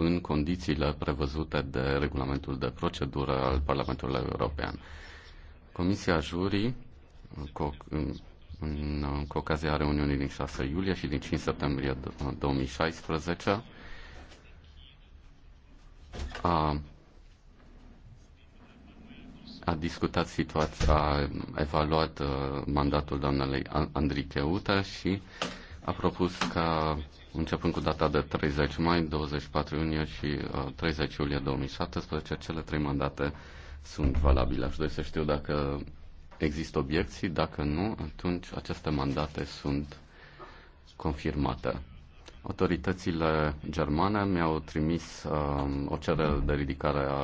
în condițiile prevăzute de regulamentul de procedură al Parlamentului European. Comisia Jurii, cu, în, în, cu ocazia reuniunii din 6 iulie și din 5 septembrie 2016, a, a discutat situația, a evaluat uh, mandatul doamnei Cheuta și a propus ca, începând cu data de 30 mai, 24 iunie și uh, 30 iulie 2017, cele trei mandate sunt valabile. Aș dori să știu dacă există obiecții, dacă nu, atunci aceste mandate sunt confirmate. Autoritățile germane mi-au trimis uh, o cerere de ridicare a